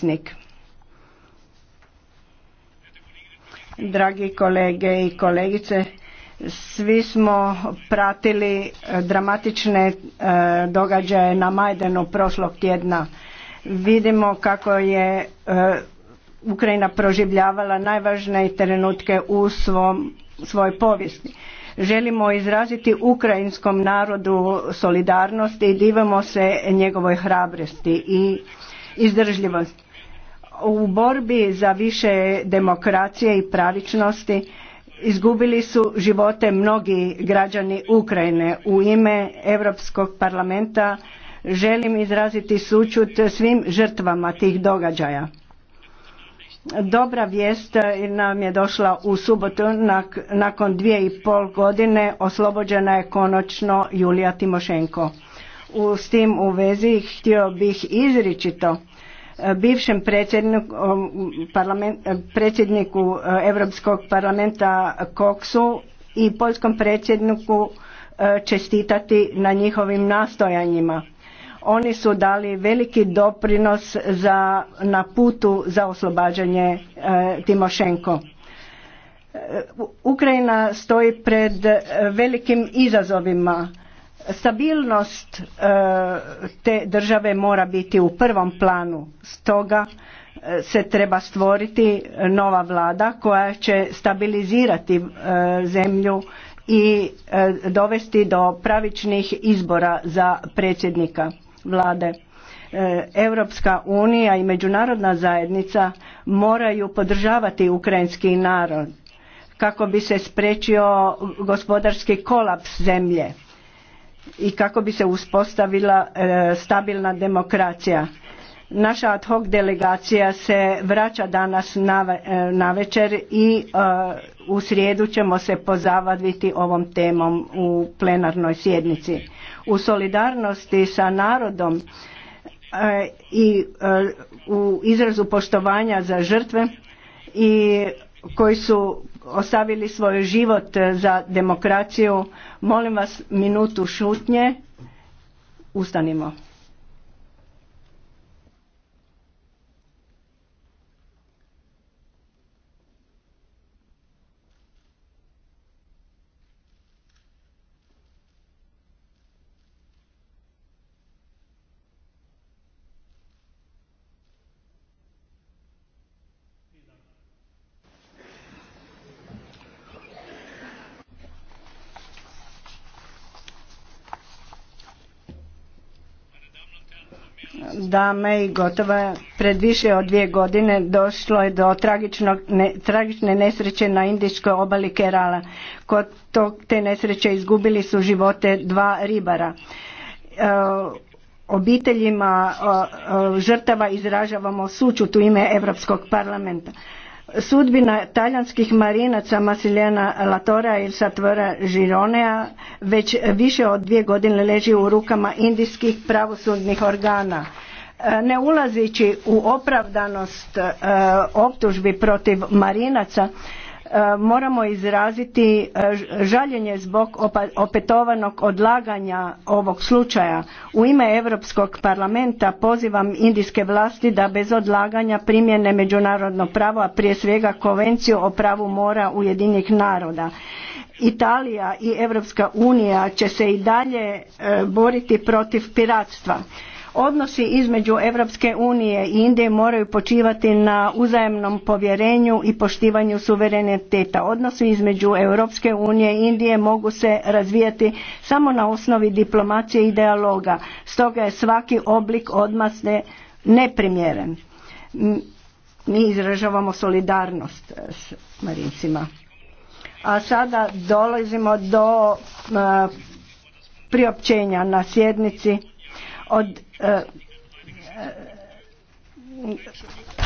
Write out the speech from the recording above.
predsjednik. Dragi kolege i kolegice, svi smo pratili e, dramatične e, događaje na Majdanu prošlog tjedna. Vidimo kako je e, Ukrajina proživljavala najvažnije trenutke u svom, svojoj povijesti. Želimo izraziti ukrajinskom narodu solidarnost i divamo se njegovoj hrabrosti i izdržljivosti u borbi za više demokracije i pravičnosti izgubili su živote mnogi građani Ukrajine. U ime Europskog parlamenta želim izraziti sućut svim žrtvama tih događaja. Dobra vijest nam je došla u subotu nakon dvije i pol godine oslobođena je konačno Julija Timošenko. U, s tim u vezi htio bih izričito bivšem predsjedniku e, Europskog parlamenta Koksu i poljskom predsjedniku e, čestitati na njihovim nastojanjima. Oni su dali veliki doprinos za, na putu za oslobađanje e, Timošenko. Ukrajina stoji pred velikim izazovima Stabilnost e, te države mora biti u prvom planu, stoga e, se treba stvoriti nova vlada koja će stabilizirati e, zemlju i dovesti do pravičnih izbora za predsjednika vlade. Europska unija i međunarodna zajednica moraju podržavati ukrajinski narod kako bi se spriječio gospodarski kolaps zemlje i kako bi se uspostavila e, stabilna demokracija. Naša ad hoc delegacija se vraća danas na e, večer i e, u srijedu ćemo se pozabaviti ovom temom u plenarnoj sjednici. U solidarnosti sa narodom i u izrazu poštovanja za žrtve i koji su ostavili svoj život e, za demokraciju. Molim vas minutu šutnje. Ustanimo. dame i gotova pred više od dvije godine došlo je do ne, tragične nesreće na indičkoj obali Kerala. Kod tog, te nesreće izgubili su živote dva ribara. E, obiteljima žrtava izražavamo sučut u ime Europskog parlamenta. Sudbina talijanskih marinaca Masiljena Latora i Satvora Žironea već više od dvije godine leži u rukama indijskih pravosudnih organa. Ne ulazeći u opravdanost e, optužbi protiv Marinaca, e, moramo izraziti e, žaljenje zbog opetovanog odlaganja ovog slučaja. U ime Europskog parlamenta pozivam indijske vlasti da bez odlaganja primjene međunarodno pravo, a prije svega konvenciju o pravu mora Ujedinjenih naroda. Italija i Europska unija će se i dalje boriti protiv piratstva Odnosi između Europske unije i Indije moraju počivati na uzajemnom povjerenju i poštivanju suvereniteta. Odnosi između Europske unije i Indije mogu se razvijati samo na osnovi diplomacije i dijaloga. Stoga je svaki oblik odmasne neprimjeren. Mi izražavamo solidarnost e, s Marincima. A sada dolazimo do e, priopćenja na sjednici od e, e,